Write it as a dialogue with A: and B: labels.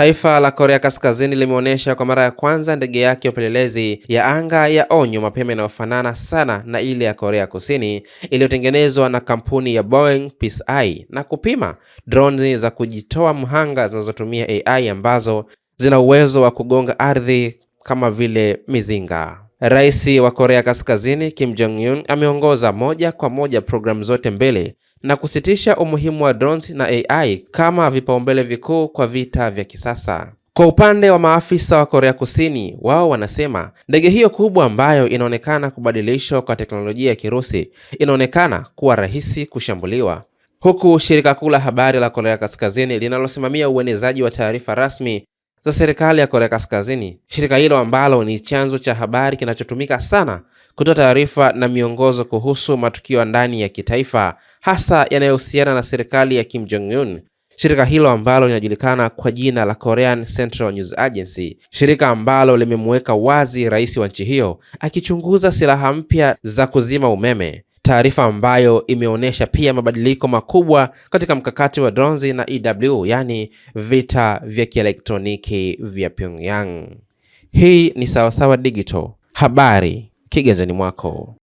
A: Taifa la Korea Kaskazini limeonyesha kwa mara ya kwanza ndege yake ya upelelezi ya anga ya onyo mapema inayofanana sana na ile ya Korea Kusini iliyotengenezwa na kampuni ya Boeing PSI na kupima drones za kujitoa mhanga zinazotumia AI ambazo zina uwezo wa kugonga ardhi kama vile mizinga. Rais wa Korea Kaskazini Kim Jong Un ameongoza moja kwa moja programu zote mbele na kusitisha umuhimu wa drones na AI kama vipaumbele vikuu kwa vita vya kisasa. Kwa upande wa maafisa wa Korea Kusini, wao wanasema ndege hiyo kubwa ambayo inaonekana kubadilishwa kwa teknolojia ya Kirusi inaonekana kuwa rahisi kushambuliwa. Huku shirika kuu la habari la Korea Kaskazini linalosimamia uenezaji wa taarifa rasmi za serikali ya Korea Kaskazini, shirika hilo ambalo ni chanzo cha habari kinachotumika sana kutoa taarifa na miongozo kuhusu matukio ndani ya kitaifa, hasa yanayohusiana na serikali ya Kim Jong Un. Shirika hilo ambalo linajulikana kwa jina la Korean Central News Agency, shirika ambalo limemweka wazi rais wa nchi hiyo akichunguza silaha mpya za kuzima umeme taarifa ambayo imeonyesha pia mabadiliko makubwa katika mkakati wa Donzi na EW, yaani vita vya kielektroniki vya Pyongyang. Hii ni Sawasawa Digital, habari kiganjani mwako.